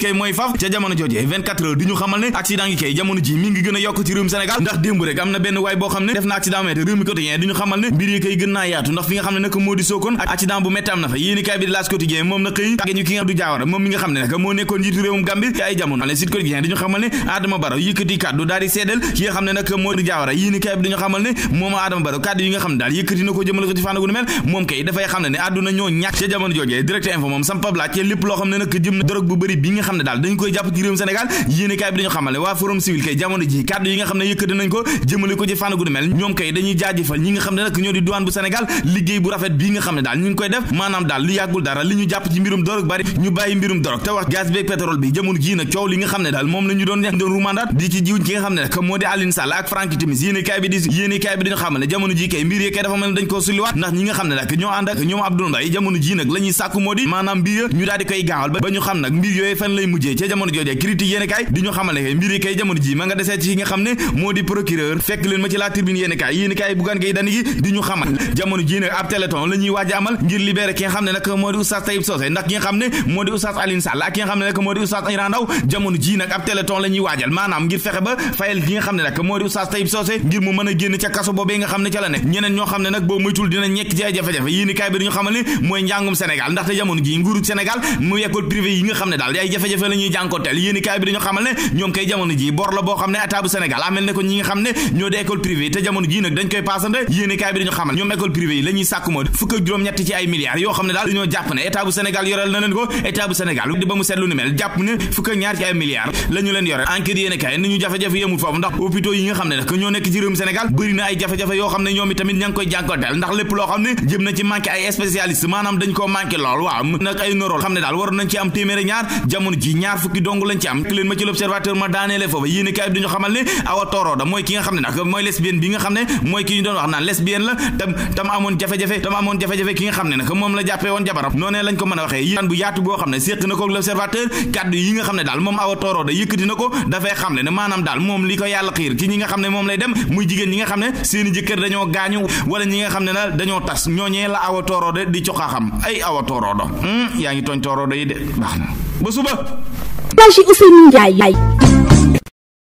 kay mooy faaf ca jamono jooje 24 heures di ñu xamal ne accident yi kay jamono ji mi ngi gën a yokk ci réewum Sénégal ndax démb rek am na benn waay boo xam ne def na accident métti réew mi quotidien di ñu xamal ne mbir yi kay gën naa yaatu ndax fi nga xam ne nag moo di sookoon accident bu métti am na fa yéeni kaay bi di laas quotidien moom na xëy tàgge ñu ki nga du jaawara moom mi nga xam ne nag moo nekkoon njiitu réewum Gambie ci ay jamono ale site quotidien di ñu xamal ne Adama Barrow yëkkati kàddu daal di seedal ki nga xam ne nag moo di jaawara yéeni kaay bi di ñu xamal ne moom Adama Barrow kàddu yi nga xam ne daal yëkkati na ko jëmale ko ci fànn gu nu mel moom kay dafay xam ne ne àdduna ñoo ñàkk ca jamono jooje direct info moom sam pablaaj lépp loo xam ne nag jëm na dorog bu bëri bi nga xam ne daal dañ koy jàpp ci réewum Sénégal yéenekaay bi kay bi dañu xamal ne jamono ji kay mbir yi kay dafa ne dañ koo sulliwaat ndax ñi nga xam ne nag ñoo ànd ak ñoom Abdoul ji nag la sàkku moo di maanaam mbir ñu daal koy gaawal ba ñu xam nag mbir yooyu nan lay mujjee ca jamono joojee critique yéen di ñu xamal ne mbir yi kay jamono ji ma nga desee ci nga xam ne moo di procureur fekk leen ma ci la tribune yéen buggaan gay dani gi di ñu xamal ne a mooy njàngum Sénégal ndaxte jamono ji nguuru Sénégal mu école privée yi nga xam ne daal jafe-jafe la ñuy jànkonteel yéen kaay bi jàpp ne état ñaar ci ay milliards la leen yoreel enquête yéen kaay ni jafe-jafe yemul foofu ndax hôpitaux yi nga xam ne nag ñoo nekk ci réewum Sénégal bëri ay jafe-jafe yoo xam ne ñoom itamit ña ngi koy jànkonteel ndax lépp loo xam ne jëm na ci manqué ay spécialiste maanaam dañ koo manqué lool waaw nag ay norool xam ne daal waroon nañ ci am téeméer ñaar jamono ji ñaar fukki dong lañ ci am leen ma ci moom la jàppee woon jabaram noonee lañ ko mën a waxee yéen na ko l'observateur kàddu yi nga xam ne daal toorooda yëkkati na ko dafay xam ne maanaam daal moom li ko yàlla xiir ci ñi nga xam ne moom lay dem muy jigéen ñi nga xam ne seeni jëkkër dañoo gaañu wala ñi nga xam ne daal dañoo tas ñooñee la awa toorooda di coxaaxam ay awa toorooda hmm, yaa ngi tooñ toorooda yi de baax na ba suba. Elhadji Ousseynou Ndiaye